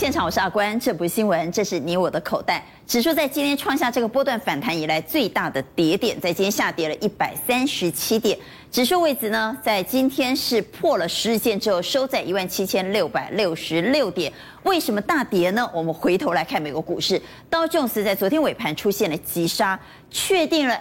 現場，我是阿關，這不是新聞，這是你我的口袋。指數在今天創下這個波段反彈以來最大的跌點，在今天下跌了一百三十七點。指數位置呢，在今天是破了十日線之後，收在一萬七千六百六十六點。為什麼大跌呢？我們回頭來看美國股市，道瓊斯在昨天尾盤出現了急殺，確定了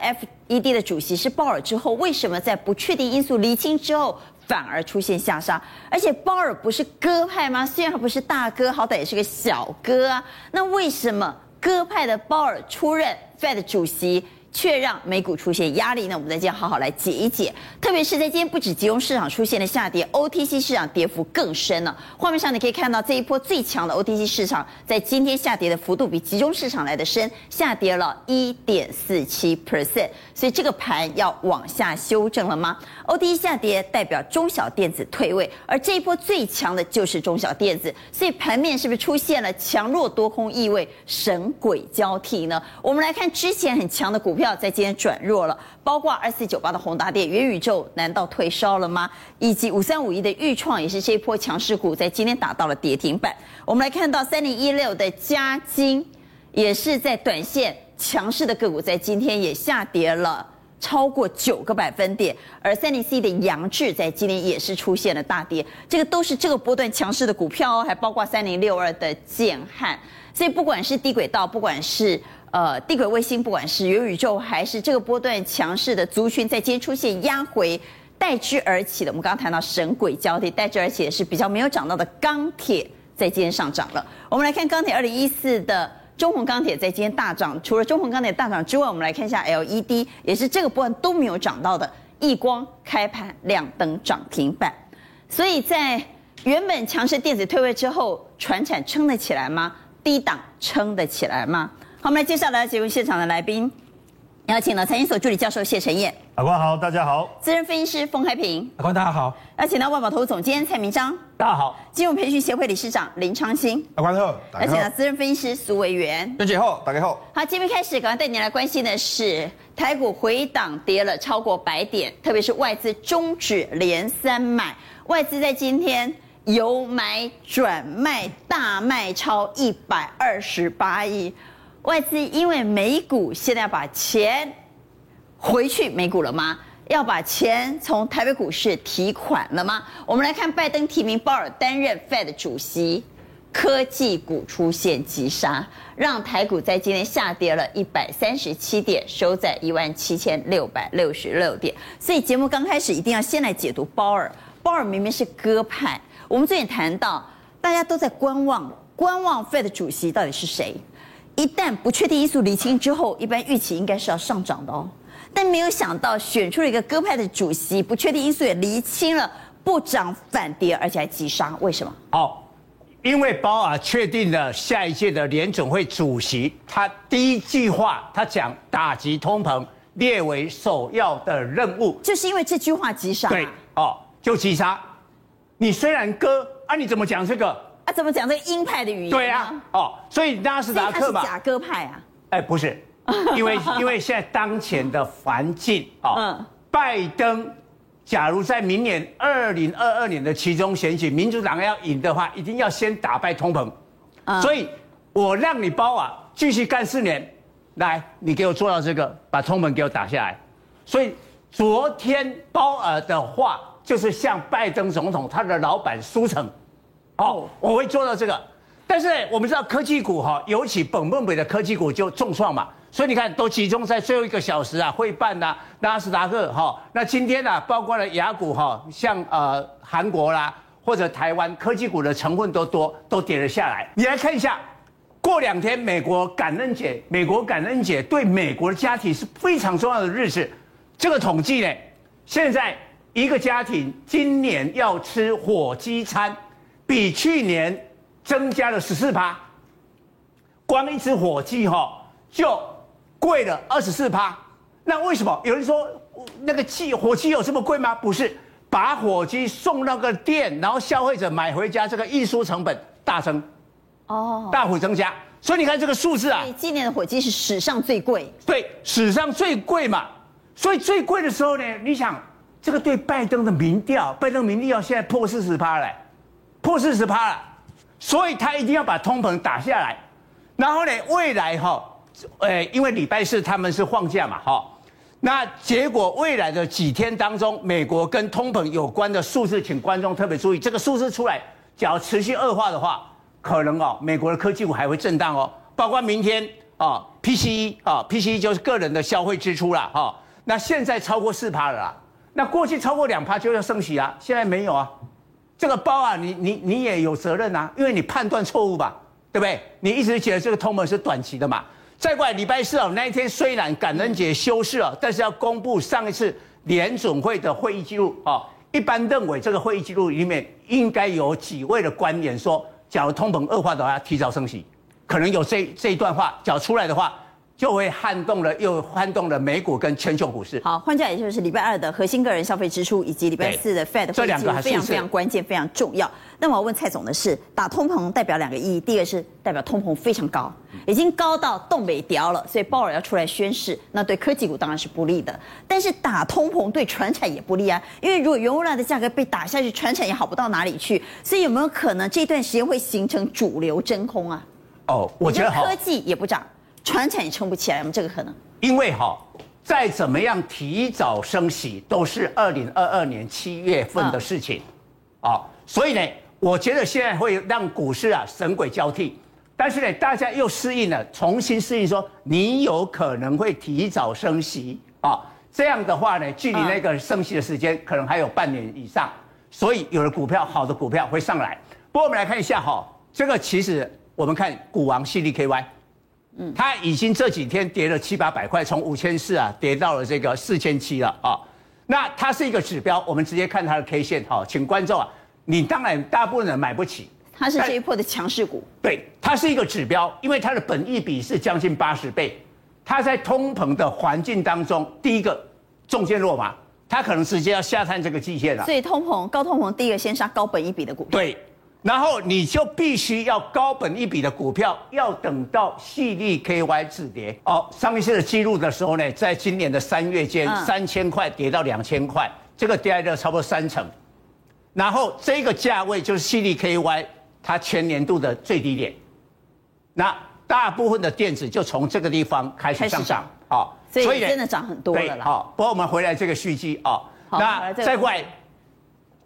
FED 的主席是鮑爾之後，為什麼在不確定因素釐清之後？反而出現下殺，而且鮑爾不是鴿派嗎？雖然他不是大哥，好歹也是個小哥啊。那為什麼鴿派的鮑爾出任 Fed 主席，卻讓美股出現壓力呢？我們在這好好來解一解。特別是在今天，不止集中市場出現了下跌，OTC 市場跌幅更深了。畫面上你可以看到，這一波最強的 OTC 市場在今天下跌的幅度比集中市場來的深，下跌了一點四七 percent。所以這個盤要往下修正了嗎？OTC 下跌代表中小電子退位，而這一波最強的就是中小電子，所以盤面是不是出現了強弱多空意味，神鬼交替呢？我們來看之前很強的股票。票在今天轉弱了，包括二四九八的宏達電、元宇宙難道退燒了嗎？以及五三五一的鈺創也是這一波強勢股，在今天打到了跌停板。我們來看到三零一六的嘉晶，也是在短線強勢的個股，在今天也下跌了超過九個百分點。而三零四一的揚智在今天也是出現了大跌，這個都是這個波段強勢的股票哦，還包括三零六二的建漢。所以不管是低軌道，不管是呃，低軌衛星不管是元宇宙還是這個波段強勢的族群，在今天出現壓回，代之而起的，我們剛剛談到神鬼交替，代之而起的是比較沒有漲到的鋼鐵，在今天上漲了。我們來看鋼鐵二零一四的中鴻鋼鐵在今天大漲，除了中鴻鋼鐵大漲之外，我們來看一下 LED，也是這個波段都沒有漲到的億光開盤亮燈漲停板。所以在原本強勢電子退位之後，傳產撐得起來嗎？低檔撐得起來嗎？好，我們來介紹來節目現場的來賓，邀請了財經所助理教授謝晨彥，阿官好，大家好；資深分析師封開平，阿官大家好；邀請到萬寶投顧總監蔡明彰，大家好；金融培訓協會理事長林昌興，阿官好；邀請到資深分析師蘇威元，大家好。好，今天開始，趕快帶你來關心的是台股回檔跌了超過百點，特別是外資中止連三買，外資在今天由買轉賣，大賣超一百二十八億。外資因為美股現在要把錢回去美股了嗎？要把錢從台北股市提款了嗎？我們來看拜登提名鮑爾擔任 Fed 主席，科技股出現急殺，讓台股在今天下跌了一百三十七點，收在一萬七千六百六十六點。所以節目剛開始一定要先來解讀鮑爾。鮑爾明明是鴿派，我們最近談到大家都在觀望，觀望 Fed 主席到底是誰？一旦不確定因素釐清之後，一般預期應該是要上漲的哦。但沒有想到選出了一個鴿派的主席，不確定因素也釐清了，不漲反跌，而且還急殺。為什麼？哦，因為鮑爾確定了下一屆的聯準會主席，他第一句話他講打擊通膨列為首要的任務，就是因為這句話急殺啊。對，哦，就急殺。你雖然鴿，啊，你怎麼講這個？他怎麼講這鷹派的語言？啊。對呀、啊，哦，所以那斯達克嘛，是假鴿派啊？哎、欸，不是，因為 因為現在當前的環境啊，哦嗯、拜登假如在明年二零二二年的期中選舉，民主黨要贏的話，一定要先打敗通膨，嗯、所以我讓你包啊，繼續幹四年，來，你給我做到這個，把通膨給我打下來。所以昨天鮑爾的話，就是向拜登總統他的老闆輸誠。哦，我會做到這個，但是呢，我們知道科技股哈，尤其本末尾的科技股就重創嘛，所以你看都集中在最後一個小時啊，會辦吶、啊，納斯達克哈、哦，那今天吶、啊、包括了亞股哈，像呃韓國啦或者台灣科技股的成分都多都跌了下來。你來看一下，過兩天美國感恩節，美國感恩節對美國的家庭是非常重要的日子。這個統計呢，現在一個家庭今年要吃火雞餐。比去年增加了十四趴，光一隻火雞哈就貴了二十四趴。那為什麼有人說那個氣火雞有這麼貴嗎？不是，把火雞送那個店，然後消費者買回家，這個運輸成本大增，哦，大幅增加。所以你看這個數字啊，紀念的火雞是史上最貴，對，史上最貴嘛。所以最貴的時候呢，你想這個對拜登的民調，拜登民調現在破四十趴了。來過四十趴了，所以他一定要把通膨打下來。然後呢，未來哈，誒，因為禮拜四他們是放假嘛，哈，那結果未來的幾天當中，美國跟通膨有關的數字，請觀眾特別注意，這個數字出來，只要持續惡化的話，可能哦，美國的科技股還會震盪哦，包括明天啊，PCE 啊，PCE 就是個人的消費支出啦，哈，那現在超過四趴了啦，那過去超過兩趴就要升息啊，現在沒有啊。這個包啊，你你你也有責任啊，因為你判斷錯誤吧，對不對？你一直覺得這個通膨是短期的嘛。再過來禮拜四啊、哦、那一天雖然感恩節休市了，但是要公布上一次聯準會的會議記錄啊、哦。一般認為這個會議記錄裡面應該有幾位的觀點說，假如通膨惡化的話，提早升息，可能有這這一段話。假如出來的話就會撼動了，又撼動了美股跟全球股市。好，換過也就是禮拜二的核心個人消費支出，以及禮拜四的 Fed 會議，這兩個還是是非常非常關鍵，非常重要。那麼我問蔡總的是，打通膨代表兩個意義，第一個是代表通膨非常高，已經高到東北調了，所以鮑爾要出來宣示，那對科技股當然是不利的。但是打通膨對傳產也不利啊，因為如果原物料的價格被打下去，傳產也好不到哪裡去。所以有沒有可能這段時間會形成主流真空啊？哦，我覺得科技也不漲。船產也撐不起來嗎？這個可能，因為哈、哦，再怎麼樣提早升息都是二零二二年七月份的事情，啊、哦哦，所以呢，我覺得現在會讓股市啊神鬼交替，但是呢，大家又適應了，重新適應說你有可能會提早升息啊、哦，這樣的話呢，距離那個升息的時間可能還有半年以上，哦、所以有的股票好的股票會上來。不過我們來看一下哈、哦，這個其實我們看股王矽力 -KY。嗯，它已經這幾天跌了七八百塊，從五千四啊跌到了這個四千七了啊、哦。那它是一個指標，我們直接看它的 K 線哈、哦，請觀眾啊，你當然大部分人買不起。它是這一波的強勢股。對，它是一個指標，因為它的本益比是將近八十倍，它在通膨的環境當中，第一個中間落馬，它可能直接要下探這個季線了。所以通膨高通膨，第一個先殺高本益比的股。對。然後你就必須要高本一筆的股票，要等到矽力 KY 止跌哦。上一次的記錄的時候呢，在今年的三月間，嗯、三千塊跌到兩千塊，這個跌了差不多三成。然後這個價位就是矽力 KY 它全年度的最低點。那大部分的電子就從這個地方開始上漲，好，哦、所，以所以真的漲很多了啦。好、哦，不過我們回來這個續集啊，哦、好那再過來外。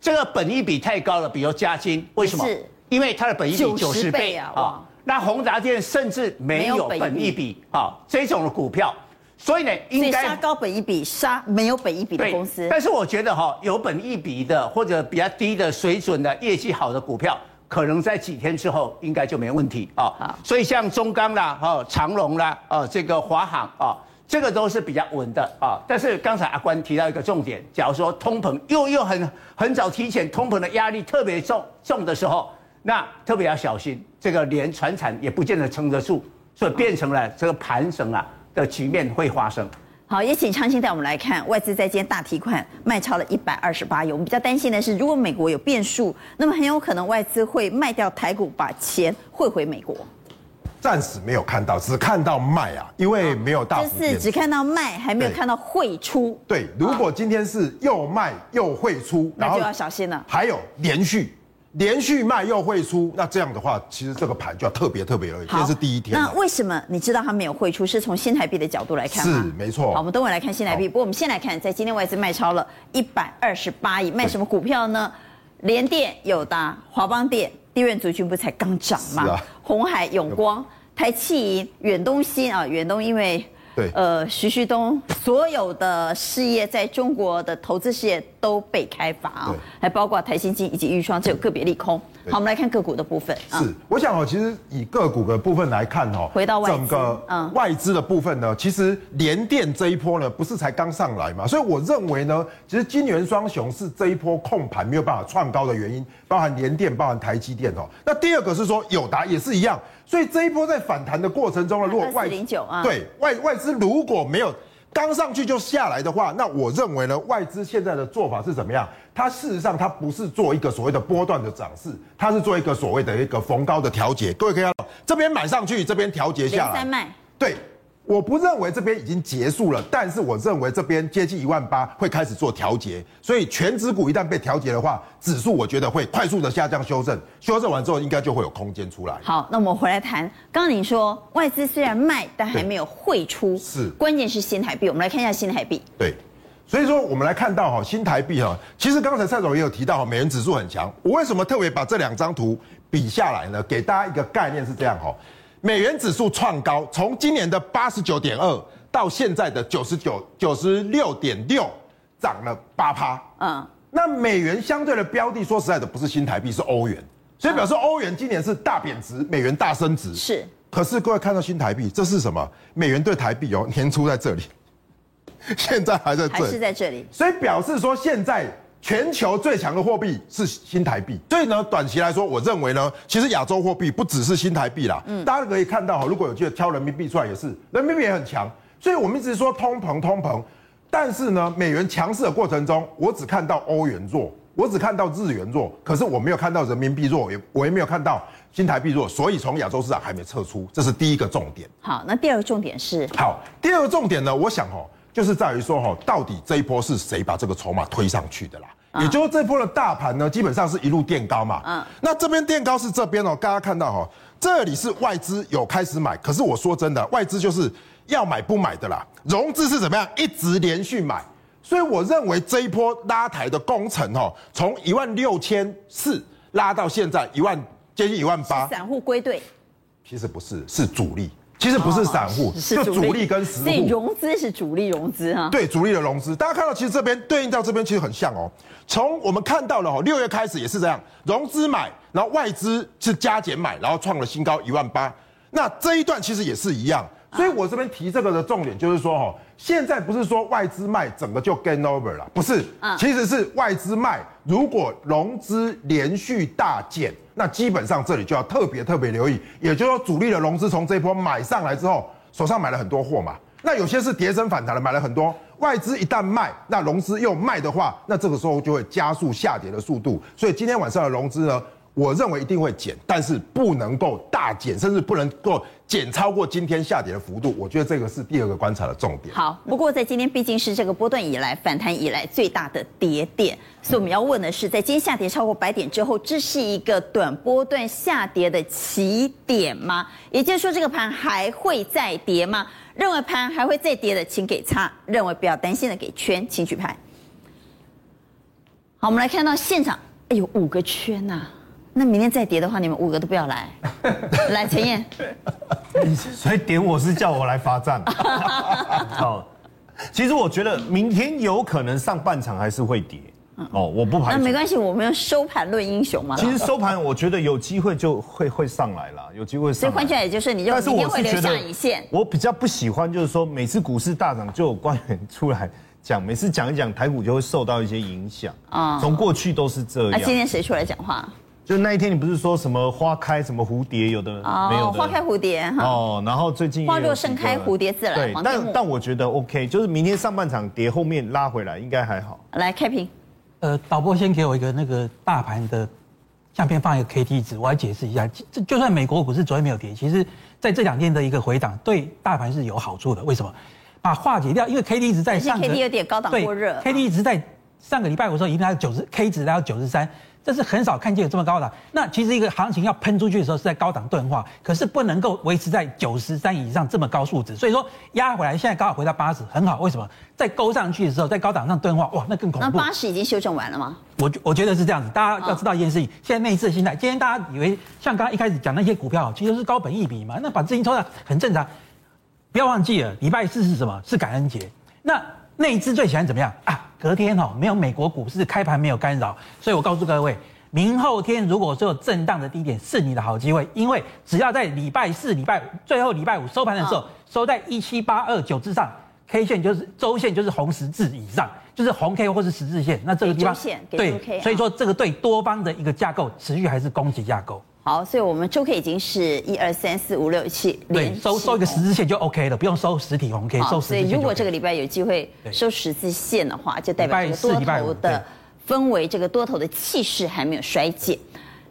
這個本益比太高了，比如加金，為什麼？是啊、因為它的本益比九十倍啊哇、哦。那宏達電甚至沒有本益比啊、哦，這種的股票，所以呢，應該殺高本益比，殺沒有本益比的公司。但是我覺得哈、哦，有本益比的或者比較低的、水準的、業績好的股票，可能在幾天之後應該就沒問題啊。哦、好所以像中鋼啦、哦長榮啦、哦這個華航啊。哦這個都是比較穩的啊，但是剛才阿關提到一個重點，假如說通膨又又很很早提前，通膨的壓力特別重重的時候，那特別要小心，這個連傳產也不見得撐得住，所以變成了這個盤整啊好的局面會發生。好，也請昌興帶我們來看外資在今天大提款，賣超了一百二十八億。我們比較擔心的是，如果美國有變數，那麼很有可能外資會賣掉台股，把錢匯回,回美國。暫時沒有看到，只看到賣啊，因為沒有大幅。這是只看到賣，還沒有看到匯出對。對，如果今天是又賣又匯出，那就要小心了。還有連續，連續賣又匯出，那這樣的話，其實這個盤就要特別特別危險。這是第一天。那為什麼你知道它沒有匯出？是從新台幣的角度來看嗎？是沒錯。好，我們等會來看新台幣。好不過我們先來看，在今天外資賣超了一百二十八億，賣什麼股票呢？聯對電、友達、華邦電。地緣族群不才剛漲嘛，啊、紅海、永光、有台氣銀、遠東新啊，遠東因為對呃徐旭東所有的事業在中國的投資事業。都被開罰、喔、對 還包括台新金以及預雙，只有個別利空。對 好，我們來看個股的部分、啊、是，我想哦、喔，其實以個股的部分來看哦、喔，回到資整個外資的部分呢，嗯、其實聯電這一波呢，不是才剛上來嘛，所以我認為呢，其實晶圓雙雄是這一波控盤沒有辦法創高的原因，包含聯電，包含台積電哦、喔。那第二個是說友達也是一樣，所以這一波在反彈的過程中呢，如果外、啊、對外外資如果沒有。剛上去就下來的話，那我認為呢，外資現在的做法是怎麼樣？它事實上它不是做一個所謂的波段的漲勢，它是做一個所謂的一個逢高的調節。各位可以看到，這邊買上去，這邊調節下來。對。我不認為這邊已經結束了，但是我認為這邊接近一萬八會開始做調節，所以權值股一旦被調節的話，指數我覺得會快速的下降修正，修正完之後應該就會有空間出來。好，那我們回來談，剛剛你說外資雖然賣，對但還沒有匯出，是，關鍵是新台幣。我們來看一下新台幣。對，所以說我們來看到哈新台幣哈，其實剛才蔡總也有提到哈美元指數很強，我為什麼特別把這兩張圖比下來呢？給大家一個概念是這樣哈。美元指數創高，從今年的八十九點二到現在的九十九九十六點六，漲了八趴。嗯，那美元相對的標的，說實在的，不是新台幣，是歐元，所以表示歐元今年是大貶值，美元大升值。是，可是各位看到新台幣，這是什麼？美元對台幣哦、喔，年初在這裡， 現在還在這，還是在這裡，所以表示說現在。全球最強的貨幣是新台幣，所以呢，短期來說，我認為呢，其實亞洲貨幣不只是新台幣啦。嗯，大家可以看到哈，如果有機會挑人民幣出來也是，人民幣也很強。所以我們一直說通膨通膨，但是呢，美元強勢的過程中，我只看到歐元弱，我只看到日元弱，可是我沒有看到人民幣弱，也我也沒有看到新台幣弱。所以從亞洲市場還沒撤出，這是第一個重點。好，那第二個重點是？好，第二個重點呢，我想齁。就是在於說哈，到底這一波是誰把這個籌碼推上去的啦？也就是這波的大盤呢，基本上是一路墊高嘛。嗯。那這邊墊高是這邊哦，大家看到哈、喔，這裡是外資有開始買，可是我說真的，外資就是要買不買的啦。融資是怎麼樣，一直連續買，所以我認為這一波拉抬的工程哈，從一萬六千四拉到現在一萬接近一萬八。散戶歸隊？其實不是，是主力。其實不是散戶，哦，是主力，就主力跟實力，所以融資是主力融資哈、啊，對主力的融資，大家看到其實這邊對應到這邊其實很像哦。從我們看到了哈、哦，六月開始也是這樣，融資買，然後外資是加減買，然後創了新高一萬八。那這一段其實也是一樣，所以我這邊提這個的重點就是說哈、哦。啊現在不是說外資賣整個就 game over 了，不是，其實是外資賣，如果融資連續大減，那基本上這裡就要特別特別留意，也就是說主力的融資從這一波買上來之後，手上買了很多貨嘛，那有些是跌升反彈了，買了很多，外資一旦賣，那融資又賣的話，那這個時候就會加速下跌的速度，所以今天晚上的融資呢？我認為一定會減，但是不能夠大減，甚至不能夠減超過今天下跌的幅度。我覺得這個是第二個觀察的重點。好，不過在今天畢竟是這個波段以來反彈以來最大的跌點，所以我們要問的是，在今天下跌超過百點之後，這是一個短波段下跌的起點嗎？也就是說，這個盤還會再跌嗎？認為盤還會再跌的，請給叉；認為不要擔心的給圈，請舉牌。好，我們來看到現場，哎呦，五個圈吶、啊！那明天再跌的話，你們五個都不要來。來，晨彥，所以點我是叫我來罰站。 好，其實我覺得明天有可能上半場還是會跌。嗯、哦，我不排除。那沒關係，我們用收盤論英雄嘛。其實收盤，我覺得有機會就會會上來了，有機會上來。所以換句話也就是你就明天會留下影線。是我,是我比較不喜歡，就是說每次股市大漲就有官員出來講，嗯、每次講一講台股就會受到一些影響。啊，從過去都是這樣。那、啊、今天誰出來講話？就那一天，你不是說什麼花開什麼蝴蝶，有的、oh, 沒有的花開蝴蝶哈。哦，oh, 然後最近花若盛開，蝴蝶自來。對，房間 但我但我覺得 OK，就是明天上半場跌後面拉回來應該還好。來開屏，呃，導播先給我一個那個大盤的相片，放一個 K T 值。我來解釋一下，就就算美國股市昨天沒有跌，其實在這兩天的一個回檔對大盤是有好處的，為什麼？把化解掉，因為 K T 值在上個，K T 有點高檔過熱。對啊、K T 值在上個禮拜五的時候已經來到九十，K 值，來到九十三。這是很少看見有這麼高的。那其實一個行情要噴出去的時候是在高檔鈍化，可是不能夠維持在九十三以上這麼高數值。所以說壓回來，現在剛好回到八十，很好。為什麼？在勾上去的時候，在高檔上鈍化，哇，那更恐怖。那八十已經修正完了嗎？我我覺得是這樣子。大家要知道一件事情，哦、現在內資的心態，今天大家以為像剛剛一開始講那些股票，其實是高本益比嘛，那把資金抽掉很正常。不要忘記了，禮拜四是什麼？是感恩節。那那一只最喜歡怎麼樣啊？隔天吼、喔，沒有美國股市開盤沒有干擾，所以我告訴各位，明後天如果說有震盪的低點，是你的好機會，因為只要在禮拜四、禮拜五最後禮拜五收盤的時候、哦、收在一七八二九之上，K 線就是周線就是紅十字以上，就是紅 K 或是十字線，那這個地方 K, 對，嗯、所以說這個對多方的一個架構，持續還是攻擊架構。好，所以我們周 K 已經是一二三四五六七連收，收一個十字線就 OK 了，不用收實體紅 K 收實體。所以如果這個禮拜有機會收十字線的話，對就代表這個多頭的氛圍，對這個多頭的氣勢還沒有衰減。對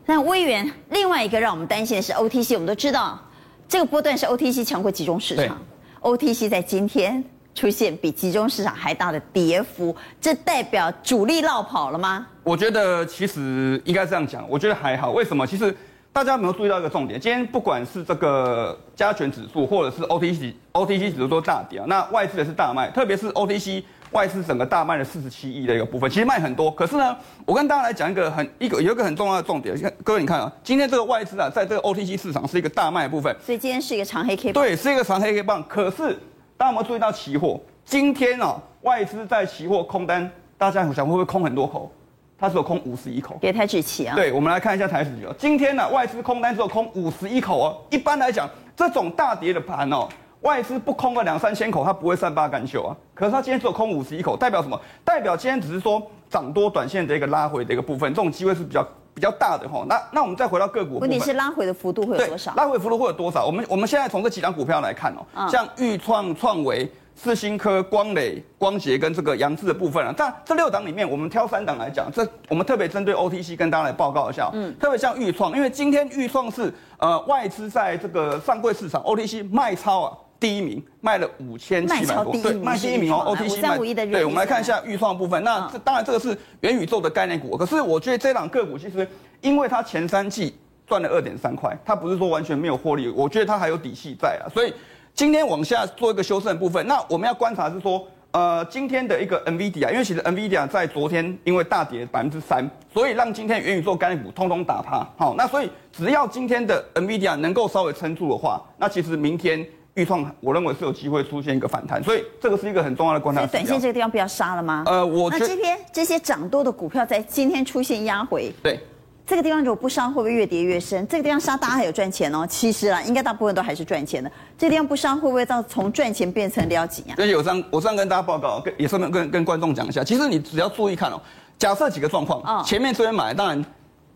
那威元另外一個讓我們擔心的是 OTC，我們都知道這個波段是 OTC 強過集中市場對，OTC 在今天出現比集中市場還大的跌幅，這代表主力落跑了嗎？我覺得其實應該這樣講，我覺得還好。為什麼？其實。大家有沒有注意到一個重點，今天不管是這個加權指數，或者是 OTC OT OTC 指數都大跌啊，那外資也是大賣，特別是 OTC 外資整個大賣了四十七億的一個部分，其實賣很多。可是呢，我跟大家來講一個很一個有一個很重要的重點，各位你看啊，今天這個外資啊，在這個 OTC 市場是一個大賣的部分，所以今天是一個長黑 K 棒，對，是一個長黑 K 棒，可是大家有沒有注意到期貨？今天哦、啊，外資在期貨空單，大家想會不會空很多口？它只有空五十一口，別太趾棋啊！對，我們來看一下台指啊。今天呢、啊，外資空單只有空五十一口哦、喔。一般來講，這種大跌的盤哦、喔，外資不空個兩三千口，它不會善罷甘休啊。可是它今天只有空五十一口，代表什麼？代表今天只是說漲多短線的一個拉回的一個部分，這種機會是比較比較大的哈、喔。那那我們再回到個股，問題是拉回的幅度會有多少？拉回幅度會有多少？我們我們現在從這幾張股票來看哦、喔，啊、像鈺創、創惟。四新科、光磊、光頡跟這個揚智的部分啊，但這六檔裡面，我們挑三檔來講。這我們特別針對 OTC 跟大家來報告一下。嗯，特別像鈺創，因為今天鈺創是呃外資在這個上櫃市場 OTC 賣超啊第一名，賣了五千七百多，對，賣第一名，哦。OTC 賣，對，我們來看一下鈺創部分。那這當然這個是元宇宙的概念股，可是我覺得這檔個股其實因為它前三季賺了二點三塊，它不是說完全沒有獲利，我覺得它還有底氣在啊，所以。今天往下做一個修正的部分，那我們要觀察是說，呃，今天的一個 Nvidia，因為其實 Nvidia 在昨天因為大跌百分之三，所以讓今天元宇宙概念股通通打趴。好、哦，那所以只要今天的 Nvidia 能夠稍微撐住的話，那其實明天鈺創我認為是有機會出現一個反彈，所以這個是一個很重要的觀察。所以短線這個地方不要殺了嗎？呃，我那這邊這些漲多的股票在今天出現壓回。對。這個地方如果不殺會不會越跌越深？這個地方殺大家還有賺錢哦。其實啊，應該大部分都還是賺錢的。這個、地方不殺會不會到從賺錢變成了緊啊？所以有這樣，我這樣跟大家報告，跟也順便跟跟觀眾講一下。其實你只要注意看哦，假設幾個狀況，啊、哦、前面這邊買的，當然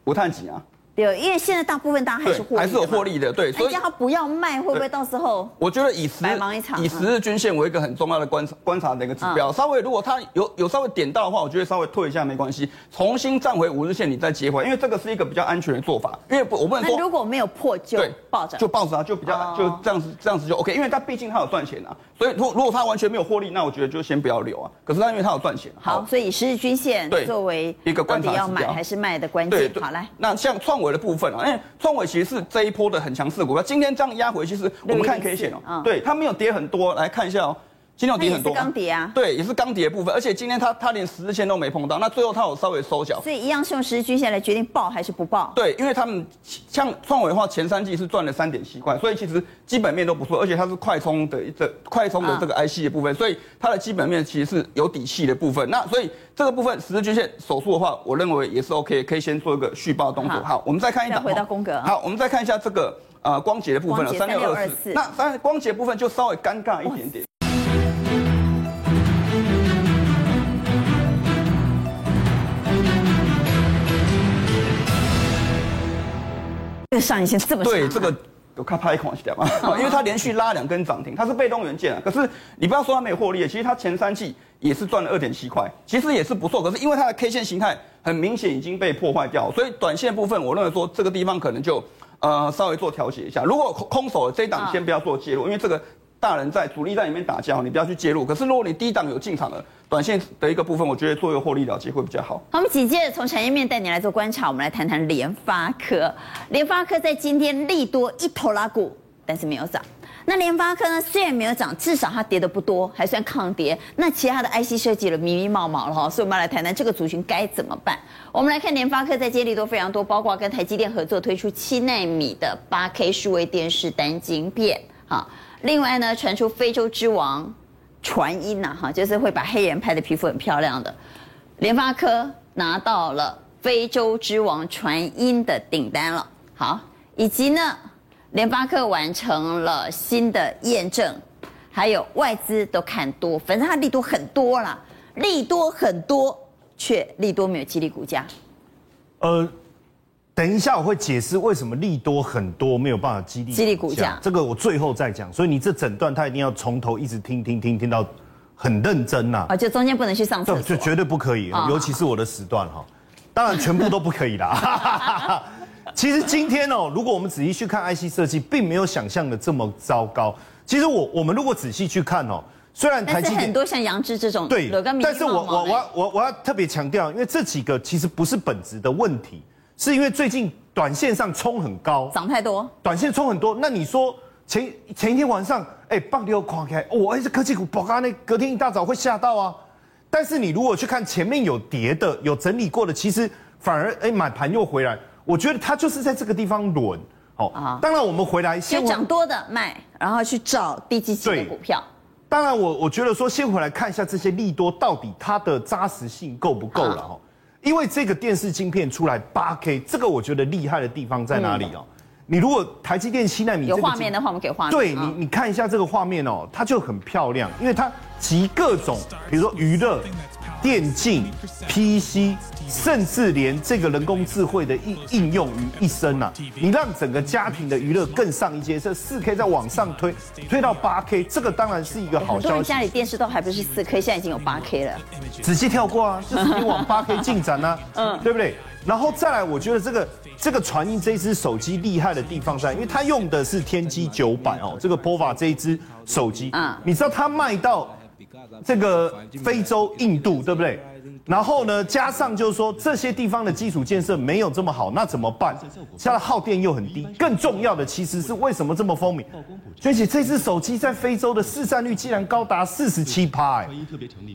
不太急啊。有，因為現在大部分大家還是利還是有獲利的，對，所以他不要賣，會不會到時候？我覺得以十日以十日均線為一個很重要的觀察、嗯、觀察的一個指標，稍微如果他有有稍微點到的話，我覺得稍微退一下，沒關係，重新站回五日線，你再接回，因為這個是一個比較安全的做法，因為我我問，能、啊、如果沒有破舊暴漲就暴漲、啊，就比較、哦、就這樣子這樣子就 OK，因為他畢竟他有賺錢啊，所以如如果他完全沒有獲利，那我覺得就先不要留啊。可是他因為他有賺錢，好，好所以十日均線作為一個關鍵，到底要買還是賣的關鍵，好來，那像創五。的部分啊，哎，鈺創其實是這一波的很強勢股票，今天這樣壓回，其實我們看 K 線哦、喔，嗯、對，它沒有跌很多，來看一下哦、喔。今天量底很多、啊，鋼是底啊。對，也是鋼底的部分，而且今天它它連十日線，都沒碰到，那最後它有稍微收腳。所以一樣是用十日均線來決定抱還是不抱。對，因為他們像創惟的話，前三季是賺了三點七塊，所以其實基本面都不錯，而且它是快充的一個快充的這個 IC 的部分，啊、所以它的基本面其實是有底氣的部分。那所以這個部分十日均線守住的話，我認為也是 OK，可以先做一個續抱的動作。好，好，我們再看一檔，回到宮格，啊。好，我們再看一下這個呃光頡的部分3三六二四。那三是光頡部分就稍微尷尬一點點。上一線這麼對這個有卡牌是這樣嘛？ 因為它連續拉兩根漲停，它是被動元件啊。可是你不要說它沒有獲利，其實它前三季也是賺了二點七塊，其實也是不錯。可是因為它的 K 線形態很明顯已經被破壞掉，所以短線部分我認為說，這個地方可能就呃稍微做調節一下。如果空空手的這一檔先不要做介入，因為這個大人在主力在裡面打架，你不要去介入。可是如果你低檔有進場的。短線的一個部分，我覺得做一個獲利了結會比較好。好，我們緊接着從產業面帶你來做觀察，我們來談談聯發科。聯發科在今天利多一拖拉庫，但是沒有漲。那聯發科呢，雖然沒有漲，至少它跌得不多，還算抗跌。那其他的 IC 設計了，迷迷茫茫了哈。所以我們要來談談這個族群該怎麼辦。我們來看聯發科在今天利多非常多，包括跟台積電合作推出七奈米的八 K 數位電視單晶片。好，另外呢，傳出非洲之王，傳音吶，哈，就是會把黑人拍的皮膚很漂亮的，聯發科拿到了非洲之王傳音的訂單了，好，以及呢，聯發科完成了新的驗證，還有外資都看多，反正它利多很多啦，利多很多，卻利多沒有激勵股價，呃。等一下，我會解釋為什麼利多很多沒有辦法激勵激勵股價，這個我最後再講。所以你這整段他一定要從頭一直聽聽聽聽到很認真吶、啊。啊、哦，就中間不能去上廁所，對就絕對不可以，哦、尤其是我的時段哈。哦、好好當然全部都不可以啦。哈哈哈。其實今天哦，如果我們仔細去看 IC 設計，並沒有想象的這麼糟糕。其實我我們如果仔細去看哦，雖然台積電很多像揚智這種，對，但是我我我我，我要特別強調，因為這幾個其實不是本質的問題。是因為最近短線上衝很高，漲太多，短線衝很多。那你說前前一天晚上，哎，棒又垮開，哦，哎，這科技股，我那隔天一大早會嚇到啊。但是你如果去看前面有跌的、有整理過的，其實反而哎，買盤又回來。我覺得它就是在這個地方輪哦。啊好，當然我們回來先回漲多的賣，然後去找低基期的股票。當然我，我我覺得說先回來看一下這些利多到底它的扎實性夠不夠了哈。好好因為這個電視晶片出來八 K，這個我覺得厲害的地方在哪裡哦？你如果台積電七奈米有畫面的話，我們可以畫。對你，你看一下這個畫面哦，它就很漂亮，因為它集各種，比如說娛樂、電競、PC。甚至連這個人工智慧的應應用於一生吶、啊,你讓整個家庭的娛樂更上一階，這四 K 再往上推，推到八 K，這個當然是一個好消息。所以家裡電視都還不是四 K，現在已經有八 K 了。仔細跳過啊，就是你往八 K 進展嗯、啊、 對不對？然後再來，我覺得這個這個傳音這一支手機厲害的地方在，因為它用的是天璣900哦，這個 POVA 這一支手機，嗯、你知道它賣到這個非洲、印度，對不對？然後呢？加上就是說，這些地方的基礎建設沒有這麼好，那怎麼辦？它的耗電又很低。更重要的其實是為什麼這麼風靡？而且這次手機在非洲的市占率竟然高達四十七趴欸，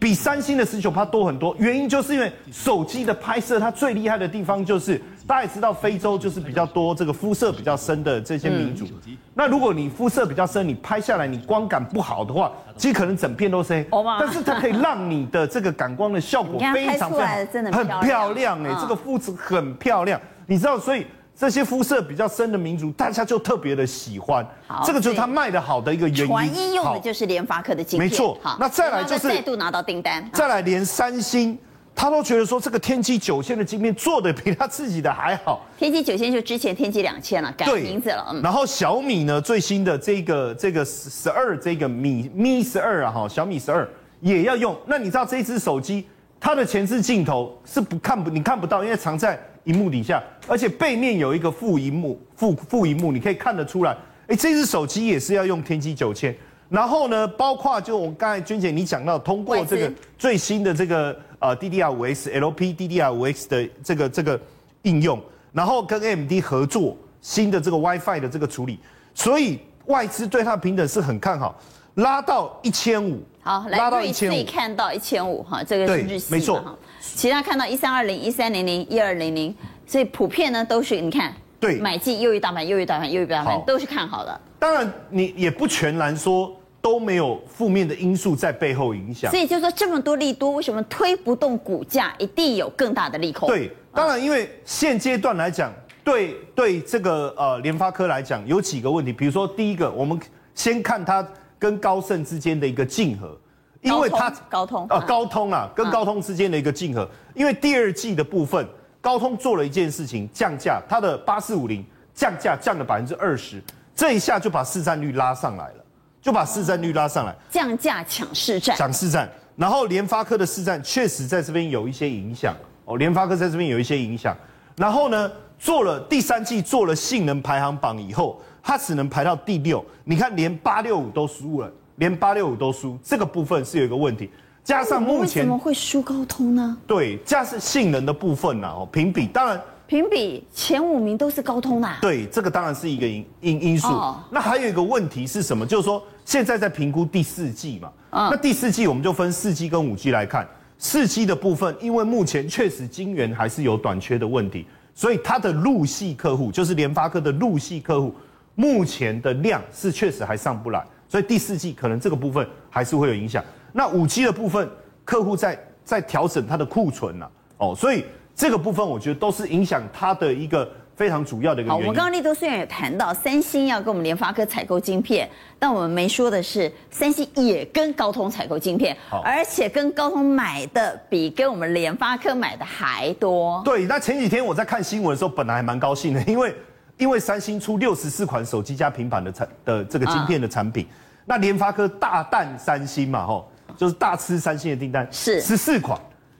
比三星的十九趴多很多。原因就是因為手機的拍攝，它最厲害的地方就是。大家也知道，非洲就是比較多這個膚色比較深的這些民族。嗯、那如果你膚色比較深，你拍下來，你光感不好的話，其實可能整片都是黑。巴但是它可以讓你的這個感光的效果非常非常漂亮，很漂亮哎，這個膚質很漂亮。你知道，所以這些膚色比較深的民族，大家就特別的喜歡。好這個就是它賣的好的一個原因。唯一對好用的就是聯發科的晶片。沒錯錯，好那再來就是再度拿到訂單。再來，連三星。他都覺得說，這個天璣九千的晶片做的比他自己的還好。天璣九千就之前天璣兩千了，改名字了。嗯、然後小米呢最新的這個這個十十二這個米米十二啊哈，小米十二也要用。那你知道這一支手機它的前置鏡頭是不看不你看不到，因為藏在熒幕底下，而且背面有一個副熒幕副副熒幕，你可以看得出來，誒、欸，這只手機也是要用天璣九千。然後呢，包括就我剛才君姐你講到，通過這個最新的這個呃 DDR 五 X LP DDR 五 X 的這個這個應用，然後跟 AMD 合作新的這個 WiFi 的這個處理，所以外資對它評等是很看好，拉到一千五，好，來拉到一千五，可以，看到一千五哈，這個是日系，對，沒錯。其他看到一三二零、一三零零、一二零零，所以普遍呢都是你看，對，買進優於大盤，優於大盤，優於大盤，大好都是看好的。當然你也不全然說。都沒有負面的因素在背後影響，所以就是說這麼多利多，為什麼推不動股價？一定有更大的利空。對，當然，因為現階段來講，對對這個呃聯發科來講，有幾個問題。比如說，第一個，我們先看它跟高盛之間的一個競合，因為它高通，高通啊，呃，高通啊，跟高通之間的一個競合，啊，因為第二季的部分，高通做了一件事情，降價，它的八四五零降價降了百分之二十，這一下就把市占率拉上來了。就把市占率拉上來，降價搶市占，搶市占，然後聯發科的市占確實在這邊有一些影響哦，聯發科在這邊有一些影響，然後呢，做了第三季做了性能排行榜以後，它只能排到第六，你看連八六五都輸了，連八六五都輸，這個部分是有一個問題，加上目前怎麼會輸高通呢？對，加上性能的部分啊，哦，評比當然。評比前五名都是高通嘛、啊？對，這個當然是一個因因,因因素。Oh. 那還有一個問題是什麼？就是說現在在評估第四季嘛。Oh. 那第四季我們就分四 G 跟五 G 來看。四 G 的部分，因為目前確實晶圓還是有短缺的問題，所以它的陸系客戶，就是聯發科的陸系客戶，目前的量是確實還上不來，所以第四季可能這個部分還是會有影響。那五 G 的部分，客戶在在調整它的庫存了、啊。哦，所以。這個部分我覺得都是影響它的一個非常主要的一個原因。我們剛剛立都雖然也談到三星要跟我們聯發科採購晶片，但我們沒說的是三星也跟高通採購晶片，好而且跟高通買的比跟我們聯發科買的還多。對，那前幾天我在看新聞的時候，本來還蠻高興的，因為因為三星出六十四款手機加平板的產的這個晶片的產品，嗯、那聯發科大啖三星嘛，吼，就是大吃三星的訂單，是十四款，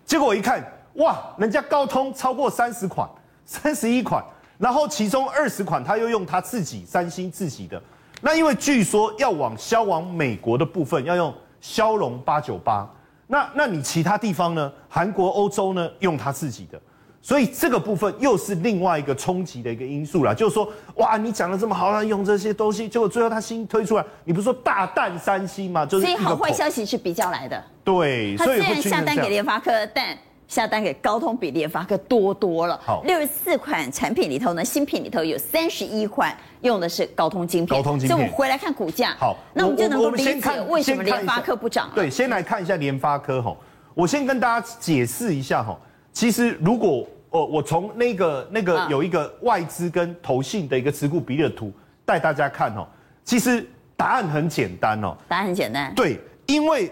結果我一看。哇，人家高通超過三十款，三十一款，然後其中二十款他又用他自己三星自己的。那因為據說要往銷往美國的部分要用驍龍八九八，那那你其他地方呢？韓國、歐洲呢用他自己的，所以這個部分又是另外一個衝擊的一個因素啦。就是說，哇，你講的這麼好，他用這些東西，結果最後他新推出來，你不是說大單三星嗎？就是所以好壞消息是比較來的。對，他雖自然所以下單給聯發科，樣但下單給高通比聯發科多多了，好，六十四款產品裡頭呢，新品裡頭有三十一款用的是高通晶片，高通晶片。所以我們回來看股價，好，那我們就能夠理解為什麼聯發科不漲。對，先來看一下聯發科哈、哦，我先跟大家解釋一下哈、哦，其實如果、呃、我從那個那個有一個外資跟投信的一個持股比例的圖帶大家看哦，其實答案很簡單哦，答案很簡單，對，因為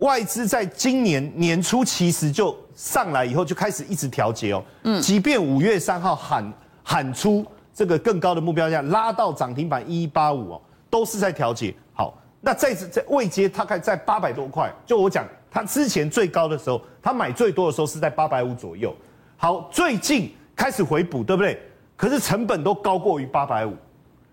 外資在今年年初其實就上來以後就開始一直調節哦，嗯，即便五月三號喊喊出這個更高的目標價，拉到漲停板一一八五哦，都是在調節。好，那在在位階大概在八百多塊，就我講，它之前最高的時候，它買最多的時候是在八百五左右。好，最近開始回補，對不對？可是成本都高過於八百五，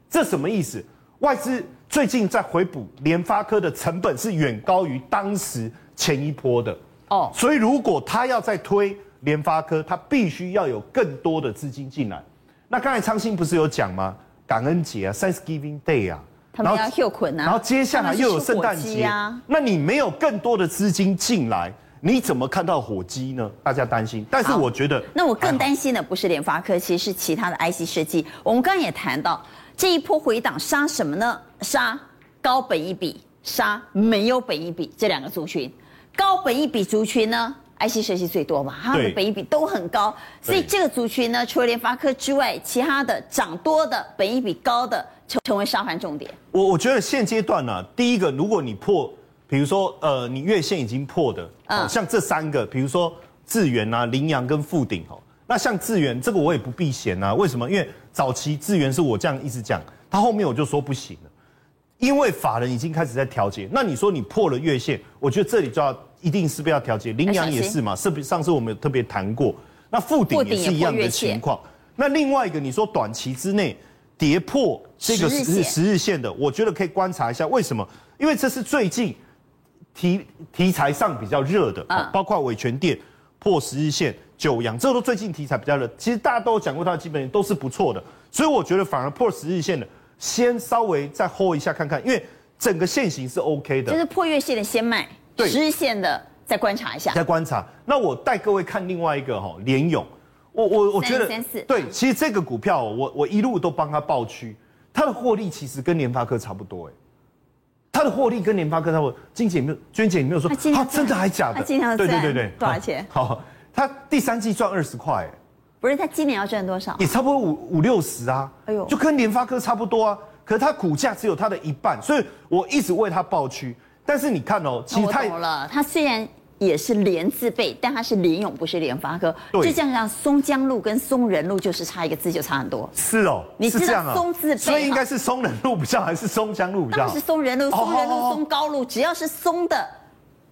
這什麼意思？外資最近在回補，聯發科的成本是遠高於當時前一波的。哦，oh. 所以如果他要再推聯發科，他必須要有更多的資金進來。那剛才昌興不是有講嗎？感恩節啊，Thanksgiving Day 啊，他們 然後又捆啊，然後接下來又有聖誕節啊，那你沒有更多的資金進來，你怎麼看到火雞呢？大家擔心，但是我覺得，那我更擔心的不是聯發科，其實是其他的 IC 設計。我們剛剛也談到，這一波回檔殺什麼呢？殺高本益比，殺沒有本益比這兩個族群。高本益比族群呢，IC 設計最多嘛，他的本益比都很高，對所以這個族群呢，除了聯發科之外，其他的漲多的本益比高的成成為殺盤重點。我我覺得現階段呢、啊，第一個，如果你破，比如說呃，你月線已經破的，嗯、像這三個，比如說智原啊、凌陽跟富鼎哦，那像智原，這個我也不避嫌啊，為什麼？因為早期智原是我這樣一直講，他後面我就說不行了。因為法人已經開始在調節，那你說你破了月線，我覺得這裡就要一定是不是要調節。羚羊也是嘛，心上次我們有特別談過，那富鼎也是一樣的情況。那另外一個你說短期之內跌破這個十日線的，我覺得可以觀察一下。為什麼？因為這是最近題題材上比較熱的，嗯、包括偉詮電破十日線、九陽，這都最近題材比較熱。其實大家都講過它的基本面都是不錯的，所以我覺得反而破十日線的。先稍微再 hold 一下看看，因為整個線型是 OK 的，就是破月線的先賣，日對線的再觀察一下。再觀察。那我帶各位看另外一個哈、喔，聯詠，我我我覺得三 對，三 對，其實這個股票、喔、我我一路都幫他抱屈，它的獲利其實跟聯發科差不多哎，它的獲利跟聯發科差不多。金姐有沒有，娟姐有沒有說他、啊，真的還假的？他對，對對對對，多少錢？好，它第三季賺二十塊哎。不是他今年要賺多少？也差不多五五六十啊。哎呦，就跟聯發科差不多啊。可是他股價只有他的一半，所以我一直為他抱屈。但是你看哦，其實太好了。它雖然也是“聯”字輩，但它是聯詠，不是聯發科。對就這樣，讓松江路跟松仁路就是差一個字就差很多。是哦，你是這樣啊？松字輩，所以應該是松仁路比較，還是松江路比較？是松仁路，松仁路，哦、松高路，哦、只要是松的。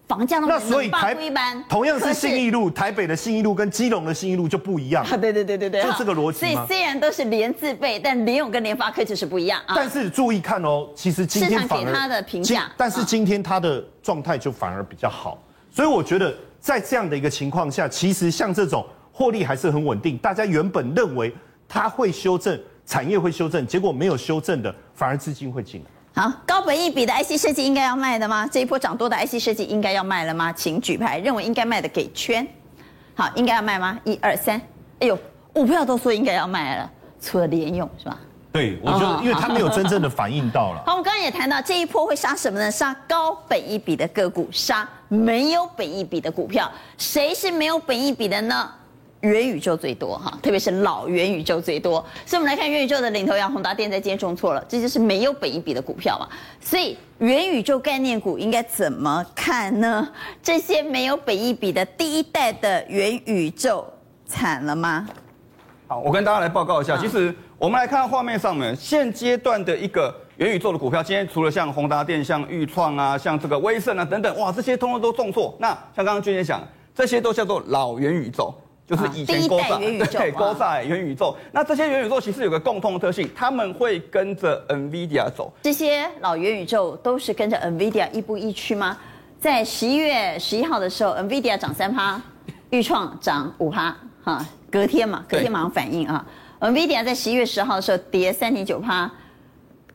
房價那麼那所以台一般，同樣是信義路，是台北的信義路跟基隆的信義路就不一樣了。對對對對對，就這個邏輯嘛。所以雖然都是聯字輩，但聯詠跟聯發科就是不一樣。但是注意看哦，啊、其實今天反而市場給他的評價。但是今天他的狀態就反而比較好，所以我覺得在這樣的一個情況下，啊、其實像這種獲利還是很穩定。大家原本認為他會修正，產業會修正，結果沒有修正的，反而資金會進來。好，高本益比的 IC 設計應該要賣的嗎？這一波漲多的 IC 設計應該要賣了嗎？請舉牌，認為應該賣的給圈。好，應該要賣嗎？一、二、三。哎呦，股票都說應該要賣了，除了連用是吧？對，我就、哦、因為他沒有真正的反映到了。好，我們剛剛也談到這一波會殺什麼呢？殺高本益比的個股，殺沒有本益比的股票。誰是沒有本益比的呢？元宇宙最多哈，特別是老元宇宙最多，所以我們來看元宇宙的領頭羊宏達電在今天重挫了，這就是沒有本益比的股票嘛。所以元宇宙概念股應該怎麼看呢？這些沒有本益比的第一代的元宇宙慘了嗎？好，我跟大家來報告一下。好其實我們來看畫面上面，現階段的一個元宇宙的股票，今天除了像宏達電、像鈺創啊、像這個威盛啊等等，哇，這些通通都重挫。那像剛剛君姐講，這些都叫做老元宇宙。就是以前勾、啊、第一代元宇宙，對勾 o 在、啊、元宇宙，那這些元宇宙其實有個共通的特性，他們會跟着 NVIDIA 走。這些老元宇宙都是跟着 NVIDIA 亦步亦趨嗎？在十一月十一號的時候，NVIDIA 漲三趴，鈺創漲五趴，哈，隔天嘛，隔天馬上對反應啊。NVIDIA 在十一月十號的時候跌三點九趴。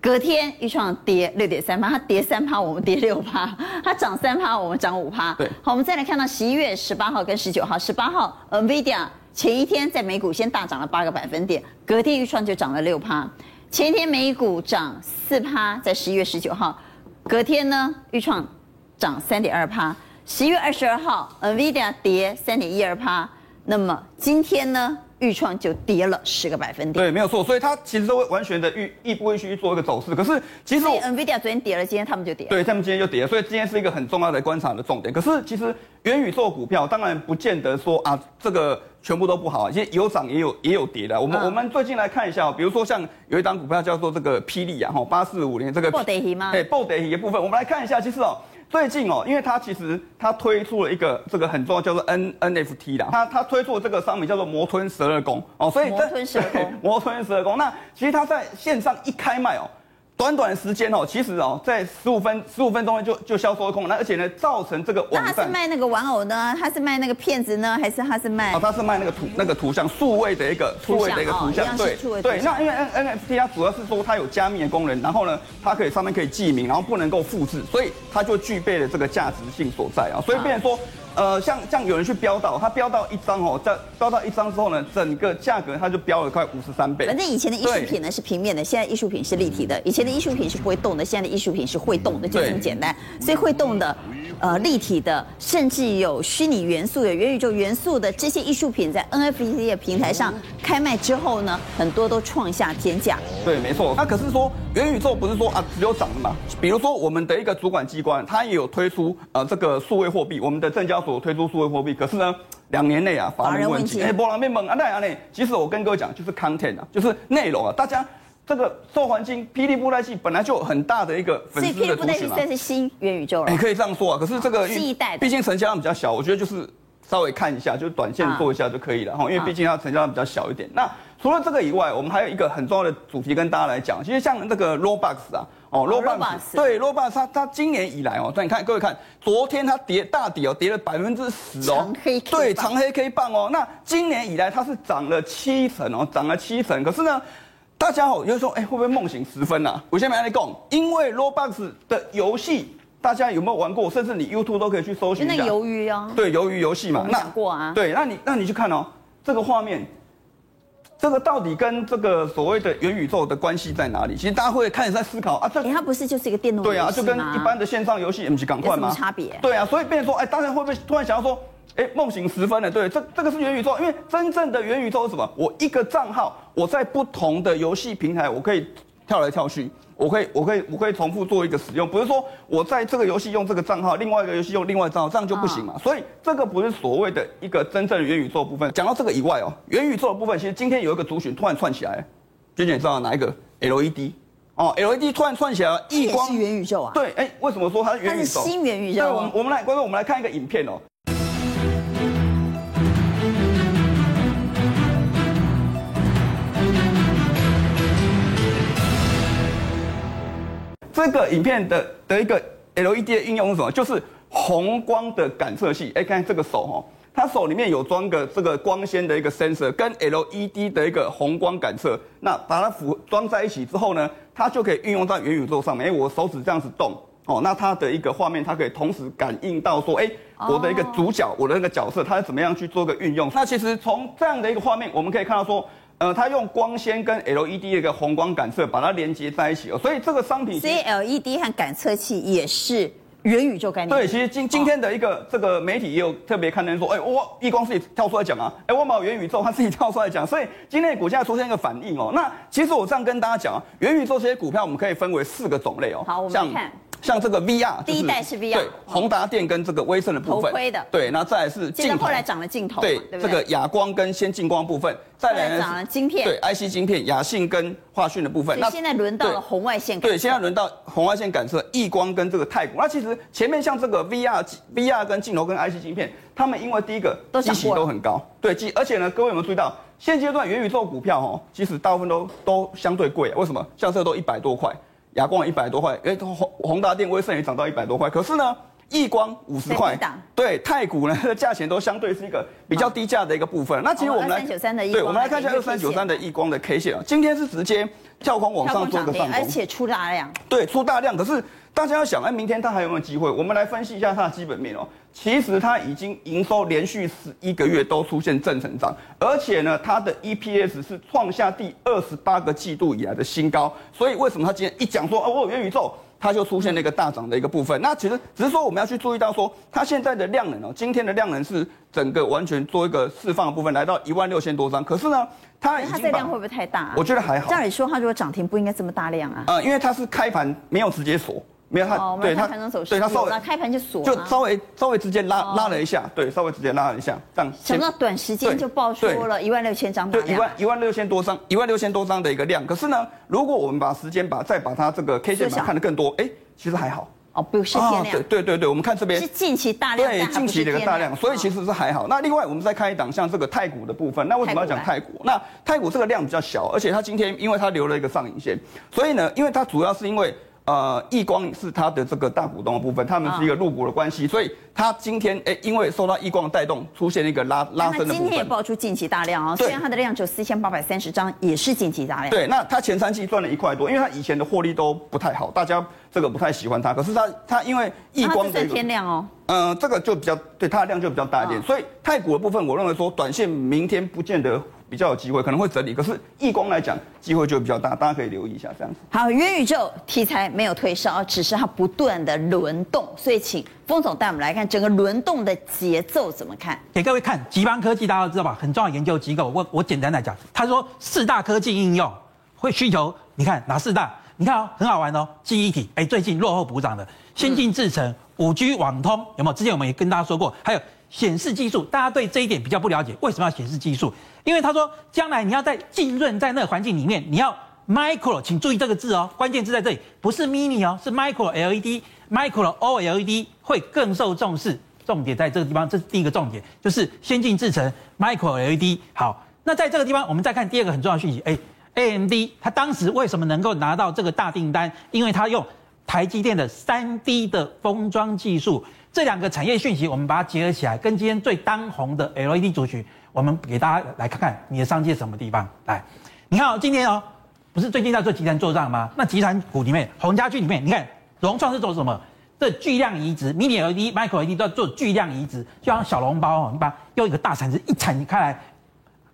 隔天，鈺創跌六點三趴，它跌三趴，我們跌六趴；它漲三趴，我們漲五趴。對，好，我們再來看到十一月十八號跟十九號，十八號，NVIDIA 前一天在美股先大漲了八個百分點，隔天鈺創就漲了六趴。前一天美股漲四趴，在十一月十九號，隔天呢，鈺創漲三點二趴。十一月二十二號，NVIDIA 跌三點一二趴。那麼今天呢？鈺創就跌了十個百分點，對，沒有錯，所以它其實都會完全的預亦步亦趨做一個走勢。可是其實，所以 Nvidia 昨天跌了，今天他們就跌了，對，他們今天就跌了。所以今天是一個很重要的觀察的重點。可是其實元宇宙股票當然不見得說啊，這個全部都不好，其實有漲也有也有跌的。我們、啊、我們最近來看一下、哦，比如說像有一檔股票叫做這個霹靂啊，哈、哦，八四五零這個 P，嗎，哎，暴跌一部分。我們來看一下，其實哦。最近哦、喔，因為他其實他推出了一個這個很重要，叫做 N NFT 啦，他他推出了這個商品叫做摩吞十二宮哦、喔，所以摩吞十二宮，摩吞十二宮，那其實他在線上一開賣哦、喔。短短的時間哦、喔，其實哦、喔，在十五分十五分鐘內就就銷售空了。那而且呢，造成這個網站，那他是賣那個玩偶呢？他是賣那個片子呢？還是他是賣？哦，他是賣那個圖那個圖像，數位的一個數位的一個圖像，對圖圖像對。那因為 N NFT 它主要是說它有加密的功能，然後呢，它可以上面可以記名，然後不能夠複製，所以它就具備了這個價值性所在啊、喔。所以變成說。呃，像像有人去標到，他標到一張哦，在標到一張之後呢，整個價格他就飆了快五十三倍。反正以前的藝術品呢對是平面的，現在藝術品是立體的。以前的藝術品是不會動的，現在的藝術品是會動的，就很簡單。對所以會動的。呃，立體的，甚至有虛擬元素、有元宇宙元素的這些藝術品，在 NFT 的平台上開賣之後呢，很多都創下天價。對，沒錯。那、啊、可是說元宇宙不是說啊只有漲的嘛？比如說我們的一個主管機關，它也有推出呃、啊、這個數位貨幣，我們的證交所推出數位貨幣，可是呢兩年內啊，法，法人問題，哎、欸，波浪變，其實我跟各位講，就是 content 啊，就是內容啊，大家。這個受環境，霹靂布袋戲本來就有很大的一個粉絲的族群嘛，這是，是新元宇宙你、欸、可以這樣說啊，可是這個畢竟成交量比較小，我覺得就是稍微看一下，就是短線做一下就可以了哈。啊、因為畢竟它成交量比較小一點。啊、那除了這個以外，我們還有一個很重要的主題跟大家來講，其實像這個 Roblox 啊，哦、哦 Roblox，amb 對 Roblox，它它今年以來哦，所以你看各位看，昨天它跌大底哦，跌了百分之十哦，長黑 K 對長黑 K 棒哦，那今年以來它是漲了七成哦，漲了七成，可是呢？大家好、喔，有人說，哎、欸，會不會夢醒時分呢、啊？我下沒跟你講，因為 Roblox 的遊戲，大家有沒有玩過？甚至你 YouTube 都可以去搜尋那魷魚哦，對，魷魚遊戲嘛。講過啊那？對，那你那你去看哦、喔，這個畫面，這個到底跟這個所謂的元宇宙的關係在哪裡？其實大家會開始在思考啊，這它不是就是一個電動，對啊，就跟一般的線上遊戲 M G 港嘛，嗎？差別？對啊，所以變成說，哎、欸，大家會不會突然想要說？哎，夢醒時分了，對，這這個是元宇宙，因為真正的元宇宙是什麼？我一個賬號，我在不同的遊戲平台，我可以跳來跳去，我可以，我可以，我可以重複做一個使用，不是說我在這個遊戲用這個賬號，另外一個遊戲用另外賬號，這樣就不行嘛？哦、所以這個不是所謂的一個真正的元宇宙部分。講到這個以外哦，元宇宙的部分，其實今天有一個族群突然竄起來，娟娟你知道哪一個？LED，哦，LED 突然竄起來了，億光元宇宙啊？對，哎、欸，為什麼說它是元宇宙？新元宇宙。對我，我們來，觀眾，我們來看一個影片哦。這個影片的的一個 LED 的應用是什麼？就是紅光的感測器。哎，看這個手哦，它手裡面有裝個這個光纖的一個 sensor，跟 LED 的一個紅光感測。那把它附裝在一起之後呢，它就可以運用在元宇宙上面。哎，我手指這樣子動哦，那它的一個畫面，它可以同時感應到說，哎，我的一個主角，Oh. 我的那個角色，它是怎麼樣去做個運用？那其實從這樣的一個畫面，我們可以看到說。呃，它用光纖跟 LED 的一個紅光感測，把它連接在一起哦、喔，所以這個商品 CLED 和感測器也是元宇宙概念。對，其實今今天的一個這個媒體也有特別刊登說，哎、欸，我億光自己跳出來講啊，哎、欸，我沒有元宇宙，它自己跳出來講，所以今天的股價出現一個反應哦、喔。那其實我這樣跟大家講啊，元宇宙這些股票我們可以分為四個種類哦、喔，好，我們看。像這個 VR，、就是、第一代是 VR，對，宏達電跟這個威盛的部分，頭盔的，對，那再來是鏡頭，接著後來長漲了鏡頭，對，對對這個亞光跟先進光部分，再來，呢來漲了，了對晶片，對，IC 晶片，亞信跟華訊的部分，那現在輪到了紅外線感對，對，現在輪到紅外線感測，異對光跟這個太古，那其實前面像這個 VR，VR VR 跟鏡頭跟 IC 晶片，他們因為第一個機型都，都很高，對，而且呢，各位有沒有注意到，現階段元宇宙股票哦、喔，其實大部分都都相對貴、啊、為什麼？像這都一百多塊。亞光一百多塊，哎，宏宏達電威盛也漲到一百多塊。可是呢，億光五十塊，對，太古呢，它的價錢都相對是一個比較低價的一個部分。啊、那其實我們來，哦、對，我們來看一下二三九三的億光的 K 線，啊、今天是直接跳空往上做個上攻，對，而且出大量，對，出大量，可是。大家要想，哎，明天它還有沒有機會？我們來分析一下它的基本面哦。其實它已經營收連續十一個月都出現正成長，而且呢，它的 EPS 是創下第二十八個季度以來的新高。所以為什麼它今天一講說哦，我有元宇宙，它就出現了一個大漲的一個部分？那其實只是說我們要去注意到說，它現在的量能哦，今天的量能是整個完全做一個釋放的部分，來到一萬六千多張。可是呢，它它這量會不會太大？啊，我覺得還好。照理說它如果漲停不應該這麼大量啊。呃、嗯，因為它是開盤沒有直接鎖。沒有他對它才能走。對它稍微，把開盤就鎖，就稍微稍微直接拉拉了一下，對，稍微直接拉了一下，這樣想到短時間就爆出了一萬六千張，對，一萬一萬六千多張，一萬六千多張的一個量。可是呢，如果我們把時間把再把它這個 K 線看得更多，哎，其實還好，哦，不是限量，對對對，我們看這邊是近期大量，對，近期的一個大量，所以其實是還好。那另外我們再看一檔像這個太古的部分，那為什麼要講太古？那太古這個量比較小，而且它今天因為它留了一個上影線，所以呢，因為它主要是因為。呃，億光是它的這個大股東的部分，他們是一個入股的關係，啊、所以它今天哎、欸，因為受到億光帶動，出現一個拉拉升的部分。今天也爆出近期大量哦，對雖然它的量只有四千八百三十張，也是近期大量。對，那它前三季賺了一塊多，因為它以前的獲利都不太好，大家這個不太喜歡它。可是它它因為億光的、啊、天量哦，嗯、呃，這個就比較對它的量就比較大一點，啊、所以泰谷的部分，我認為說短線明天不見得。比較有機會，可能會整理，可是易光來講機會就會比較大，大家可以留意一下這樣子。好，元宇宙題材沒有退燒，只是它不斷的輪動，所以請封總帶我們來看整個輪動的節奏怎麼看。給各位看，集邦科技大家都知道吧？很重要的研究機構。我我簡單來講，他說四大科技應用會需求，你看哪四大？你看哦，很好玩哦，記憶體，哎、欸，最近落後補漲的，先進製程，五、嗯、G 網通，有沒有？之前我們也跟大家說過，還有。顯示技術，大家對這一點比較不了解。為什麼要顯示技術？因為他說，將來你要在浸潤在那個環境裡面，你要 micro，請注意這個字哦，關鍵字在這裡，不是 mini 哦，是 micro LED，micro OLED 會更受重視。重點在這個地方，這是第一個重點，就是先進製程 micro LED。好，那在這個地方，我們再看第二個很重要的訊息。AMD 它當時為什麼能夠拿到這個大訂單？因為它用台積電的三 D 的封裝技術。這兩個產業訊息，我們把它結合起來，跟今天最當紅的 LED 族群，我們給大家來看看你的商機是什麼地方來。你看，哦，今天哦，不是最近在做集團作戰嗎？那集團股裡面，鴻家軍裡面，你看榮創是做什麼？這巨量移植對，mini LED、micro LED 都要做巨量移植，就像小籠包哦，你把用一個大鏟子一鏟開來，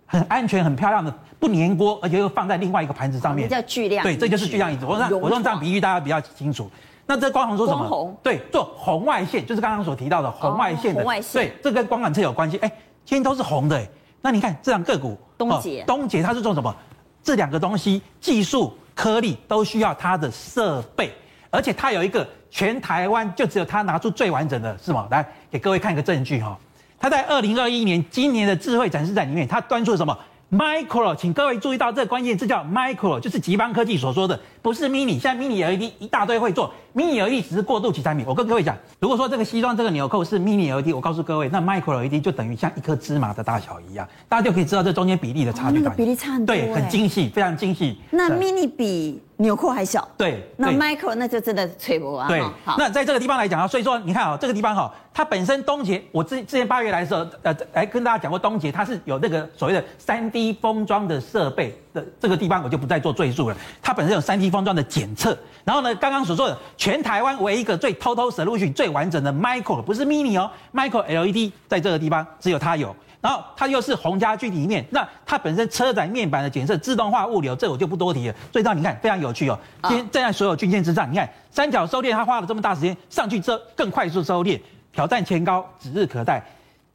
很安全、很漂亮的，不粘鍋，而且又放在另外一個盤子上面，嗯、叫巨量。對，這就是巨量移植。我用創我用這樣比喻，大家比較清楚。那這光虹做什麼？紅對，做紅外線，就是剛剛所提到的紅外線的。哦、紅外線對，這跟光感測有關係。哎、欸，今天都是紅的。哎，那你看這兩個、個股，東捷節、東捷、哦，它是做什麼？這兩個東西技術顆粒都需要它的設備，而且它有一個全台灣就只有它拿出最完整的是嗎？來給各位看一個證據哈、哦，它在二零二一年今年的智慧展示展裡面，它端出了什麼？Micro，請各位注意到這個、關鍵字叫 Micro，就是集邦科技所說的，不是 Mini。現在 Mini LED 一大堆會做，Mini LED 只是過渡期產品。我跟各位講，如果說這個西裝這個紐扣是 Mini LED，我告訴各位，那 Micro LED 就等於像一顆芝麻的大小一樣，大家就可以知道這中間比例的差距、哦。感、那個、比例差很多，對，很精細，非常精細。那 Mini 比。紐扣還小，對，對那 Michael 那就真的吹不完。對，喔、好，那在這個地方來講啊，所以說你看啊、喔，這個地方哈、喔，它本身東捷，我之之前八月來的時候，呃，來跟大家講過東捷，它是有那個所謂的三 D 封裝的設備的這個地方，我就不再做贅述了。它本身有三 D 封裝的檢測，然後呢，剛剛所說的全台灣唯一一個最 total solution 最完整的 Micro 不是 Mini 哦，喔，Micro LED 在這個地方只有它有。然後它又是鴻家軍裡面，那它本身車載面板的檢測自動化物流，這我就不多提了。所以，到你看非常有趣哦。今天站在所有均線之上，哦、你看三角收斂，它花了這麼大時間上去之後，更快速收斂，挑戰前高指日可待。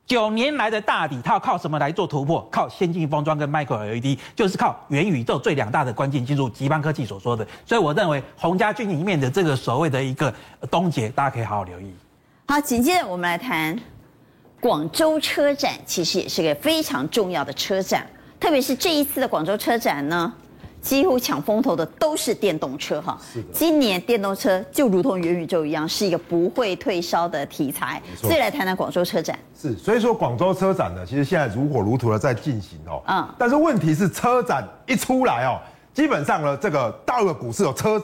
九年來的大底，它要靠什麼來做突破？靠先進封裝跟 micro LED，就是靠元宇宙最兩大的關鍵，就如集邦科技所說的。所以，我認為鴻家軍裡面的這個所謂的一個東捷，大家可以好好留意。好，緊接着我們來談。廣州車展其實也是個非常重要的車展，特別是這一次的廣州車展呢，幾乎搶風頭的都是電動車哈。是的。今年電動車就如同元宇宙一樣，是一個不會退燒的題材。沒錯。所以來談談廣州車展。是。所以說廣州車展呢，其實現在如火如荼的在進行哦、喔。嗯、但是問題是車展一出來哦、喔，基本上呢，這個大陸的股市有車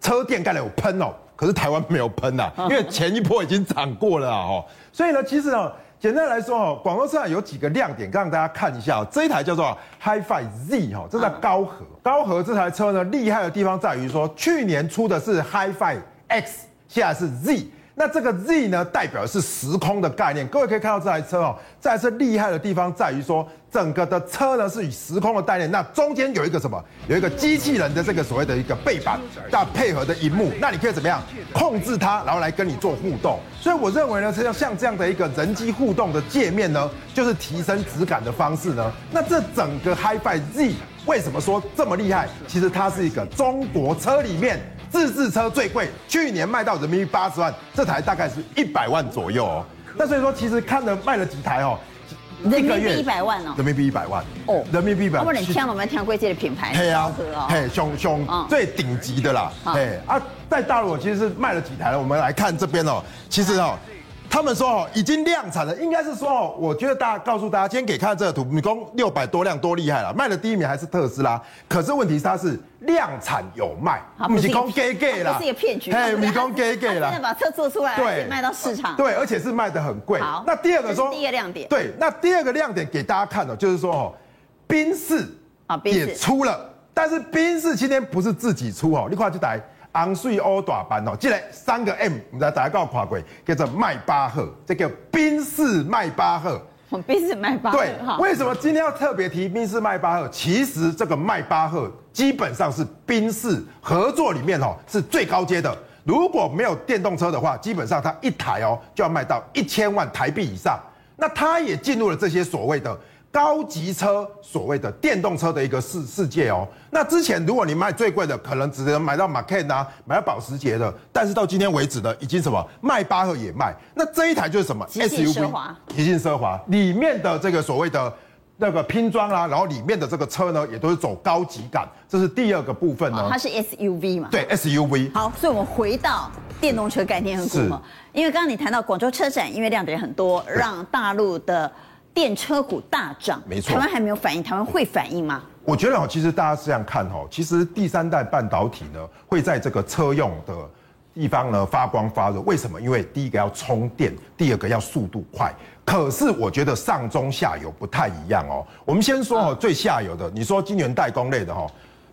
車電概了有噴哦、喔，可是台灣沒有噴啊，嗯、哼。因為前一波已經漲過了啊、喔。所以呢，其實呢簡單來說哦，廣州車展有幾個亮點，讓大家看一下。這一台叫做 HiPhi Z 哦，這叫高合、啊、高合這台車呢，厲害的地方在於說，去年出的是 HiPhi X，現在是 Z，那這個 Z 呢，代表的是時空的概念。各位可以看到這台車哦，這台車厲害的地方在於說，整個的車呢，是與時空的概念，那中間有一個什麼？有一個機器人的這個所謂的一個背板，那配合的熒幕，那你可以怎麼樣控制它，然後來跟你做互動。所以我認為呢，像像這樣的一個人機互動的界面呢，就是提升質感的方式呢。那這整個 HiPhi Z 為什麼說這麼厲害？其實它是一個中國車裡面自制車最貴，去年賣到人民幣八十萬，這台大概是一百萬左右、哦。那所以說，其實看了賣了幾台哦。一個人民幣一百萬哦、喔，人民幣一百萬、喔、哦，人民幣一百。萬不，你挑，我們挑貴這些品的品牌？對啊喔、嘿啊，嘿，熊熊最頂級的啦，嘿啊，在大陸我其實是賣了幾台了。我們來看這邊哦，其實哦、喔。唉 他們說哦，已經量產了，應該是說哦，我覺得大家告訴大家，今天給看這個圖，米工六百多輛多厲害了，賣的第一名還是特斯拉，可是問題是它是量產有賣，米工給給了，這是一個騙局，哎，米工給給了，現在把車做出來，對，賣到市場，對，對，而且是賣得很貴。好，那第二個說，第一個亮點，對，那第二個亮點給大家看的，就是說哦，賓士也出了，但是賓士今天不是自己出哦，你快去打。昂稅歐大班哦，即來三個 M，我們大家告跨鬼叫做邁巴赫，這叫賓士邁巴赫。賓士邁巴赫對哈？為什麼今天要特別提賓士邁巴赫？其實這個邁巴赫基本上是賓士合作裡面哦，是最高階的。如果沒有電動車的話，基本上它一台哦就要賣到一千萬台幣以上。那它也進入了這些所謂的。高級車所謂的電動車的一個世世界哦，那之前如果你賣最貴的，可能只能買到 Macan 啊，買到保時捷的，但是到今天為止呢，已經什麼邁巴赫也賣，那這一台就是什麼？極致奢華，極致奢華裡面的這個所謂的那個拼裝啊，然後裡面的這個車呢，也都是走高級感，這是第二個部分呢。哦、它是 SUV 嘛？對，SUV。好，所以我們回到電動車概念很古嘛，是因為剛剛你談到廣州車展，因為亮點很多，對讓大陸的。電車股大漲，沒錯錯，台灣還沒有反應，台灣會反應嗎？我覺得、喔、其實大家是這樣看、喔、其實第三代半導體呢，會在這個車用的地方呢發光發熱。為什麼？因為第一個要充電，第二個要速度快。可是我覺得上中下游不太一樣哦、喔。我們先說哦、喔啊、最下游的，你說晶圓代工類的哈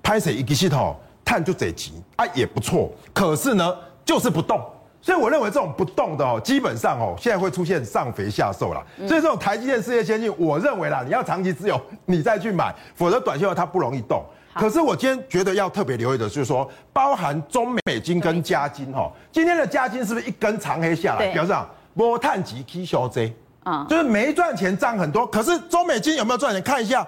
p a e 一個系統，碳就這幾啊也不錯，可是呢就是不動。所以我認為這種不動的哦，基本上哦，現在會出現上肥下瘦啦。所以這種台積電、世界先進，我認為啦，你要長期持有，你再去買，否則短期的話它不容易動。好 可是我今天覺得要特別留意的，就是說，包含中美金跟加金哈，今天的加金是不是一根長黑下來？對 比表示啊，波探級 K 小 Z 啊，就是沒賺錢漲很多。可是中美金有沒有賺錢？看一下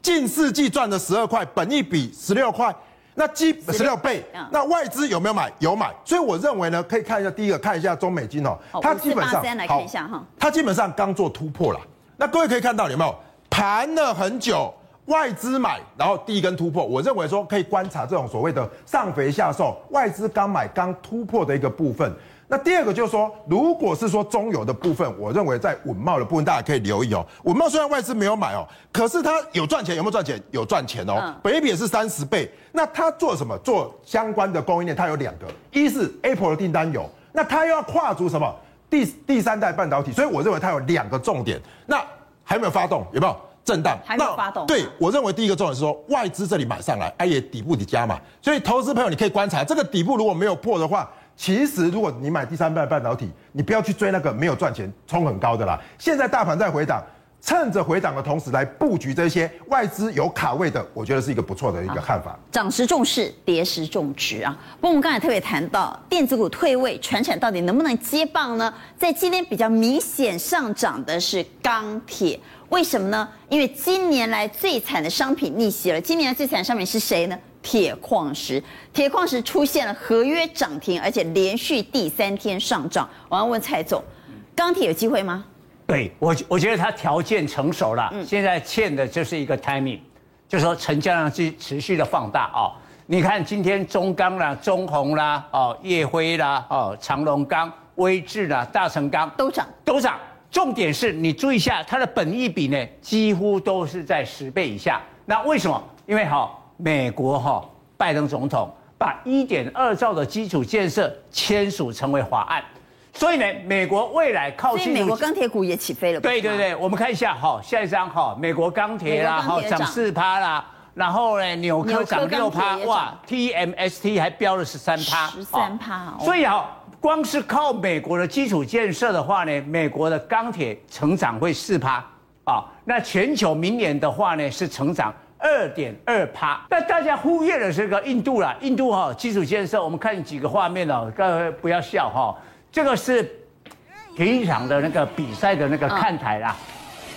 近世紀賺的十二塊，本益比十六塊。那基本十六倍，那外資有沒有買？有買，所以我認為呢，可以看一下。第一個看一下中美金哦，它基本上好，它基本上剛做突破了。那各位可以看到有沒有盤了很久，外資買，然後第一根突破。我認為說可以觀察這種所謂的上肥下瘦，外資剛買剛突破的一個部分。那第二個就是說，如果是說中油的部分，我認為在穩懋的部分大家可以留意哦、喔。穩懋雖然外資沒有買哦、喔，可是它有賺錢，有沒有賺錢？有賺錢哦、喔，嗯、北比也是三十倍。那他做什麼？做相關的供應鏈，他有兩個，一是 Apple 的訂單有，那他又要跨足什麼？第第三代半導體，所以我認為他有兩個重點。那還沒有發動？有沒有震盪？還沒有發動。對我認為第一個重點是說，外資這裡買上來，它也底部的加碼嘛，所以投資朋友你可以觀察這個底部如果沒有破的話，其實如果你買第三代半導體，你不要去追那個沒有賺錢衝很高的啦。現在大盤在回檔。趁着回漲的同時來布局這些外資有卡位的，我覺得是一個不錯的一個看法。漲時重勢，跌時重局啊！不過我們剛才特別談到電子股退位，傳產到底能不能接棒呢？在今天比較明顯上漲的是鋼鐵，為什麼呢？因為今年來最慘的商品逆襲了。今年來最慘的商品是誰呢？鐵礦石。鐵礦石出現了合約漲停，而且連續第三天上漲。我要問蔡總，鋼鐵有機會嗎？對我，我覺得他條件成熟了，現在欠的就是一個 timing、嗯、就是說成交量是持續的放大啊，哦。你看今天中鋼啦、中鴻啦，哦、燁輝啦，哦、長隆鋼、威致啦、大成鋼都漲長，都漲。重點是你注意一下它的本益比呢，幾乎都是在十倍以下。那為什麼？因為哈，哦，美國哈，哦、拜登總統把一點二兆的基礎建設簽署成為法案。所以呢，美國未來靠基礎美國鋼鐵股也起飛了。不對對對，我們看一下哈、哦，下一張哈、哦，美國鋼鐵啦，哈漲四趴、哦、啦，然後呢，紐科漲六趴，哇，T M S T 還飆了十三趴，十三趴。哦哦、所以哈、哦，光是靠美國的基礎建設的話呢，美國的鋼鐵成長會四趴啊。那全球明年的話呢，是成長二點二趴。那大家忽略了這個印度啦，印度哈、哦、基礎建設，我們看幾個畫面哦，各位不要笑哈、哦。這個是體育場的那個比賽的那個看台啦，啊、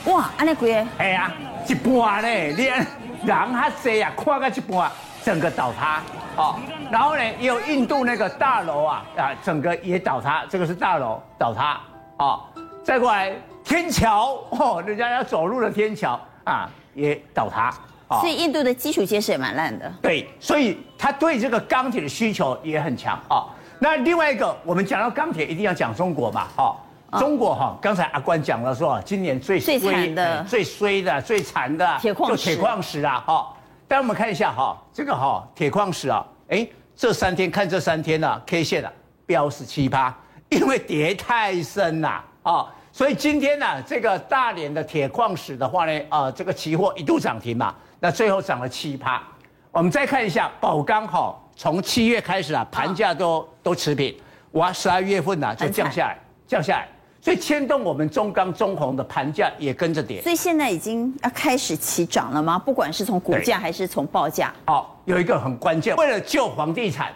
哇，安尼貴？哎呀、啊，一半呢，連讓他坐呀，垮個一半，整個倒塌哦。然後呢，也有印度那個大樓啊啊，整個也倒塌。這個是大樓倒塌哦。再過來天橋哦，人家要走路的天橋啊，也倒塌。哦、所以印度的基礎建設也蠻爛的。對，所以他對這個鋼鐵的需求也很強哦。那另外一個，我們講到鋼鐵，一定要講中國嘛，哈、哦，哦、中國哈、哦，剛才阿關講了說，今年最最慘的、嗯、最衰的、最慘的，鐵礦石鐵礦石啊哈、哦。但我們看一下哈、哦，這個哈、哦、鐵礦石啊，誒，這三天看這三天吶、啊、，K 線啊，標是七趴，因為跌太深啦、啊，啊、哦，所以今天呢、啊，這個大連的鐵礦石的話呢，呃，這個期貨一度漲停嘛，那最後漲了七趴。我們再看一下寶鋼哈、哦。從七月開始啊，盤價都、哦、都持平，哇，十二月份啊，就降下來，慘降下來，所以牽動我們中鋼、中鴻的盤價也跟着跌。所以現在已經要開始起漲了嗎？不管是從股價還是從報價。好、哦，有一個很關鍵，為了救房地產，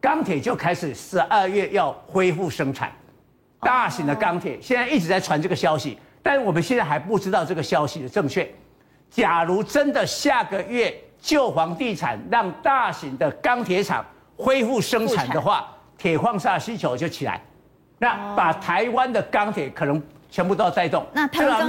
鋼鐵就開始十二月要恢復生產，哦、大型的鋼鐵現在一直在傳這個消息，哦、但是我們現在還不知道這個消息的正確。假如真的下個月。救房地產，讓大型的鋼鐵廠恢復生產的話，鐵礦砂需求就起來，那把台灣的鋼鐵可能全部都要帶動。那台灣鋼鐵，台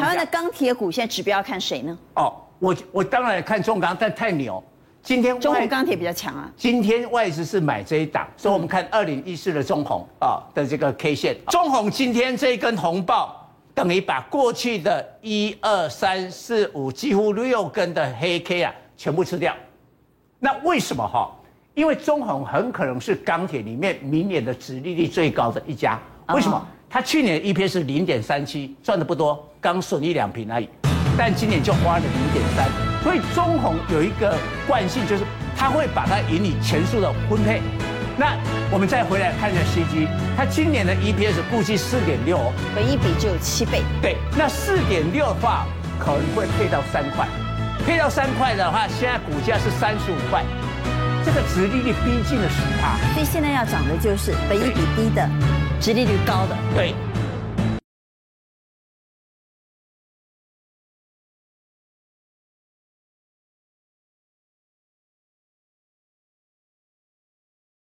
灣的鋼鐵股現在指標要看誰呢？哦，我我當然看中鋼，但太牛。今天中鴻鋼鐵比較強啊。今天外資是買這一檔，所以我們看二零一四的中鴻啊的這個 K 線。中鴻今天這一根紅爆。等於把過去的一二三四五幾乎六根的黑 K 啊，全部吃掉。那為什麼哈？因為中鴻很可能是鋼鐵裡面明年的殖利率最高的一家。為什麼？他、uh huh. 去年一片是零點三七，賺的不多，剛損一兩平而已。但今年就花了零點三，所以中鴻有一個慣性，就是它會把它盈餘全數的分配那我們再回來看一下 CG，它今年的 EPS 估計四點六，本益比只有七倍。對，那四點六的話，可能會配到三塊，配到三塊的話，現在股價是三十五塊，這個殖利率逼近了十趴，所以現在要漲的就是本益比低的，殖對 利率高的。對。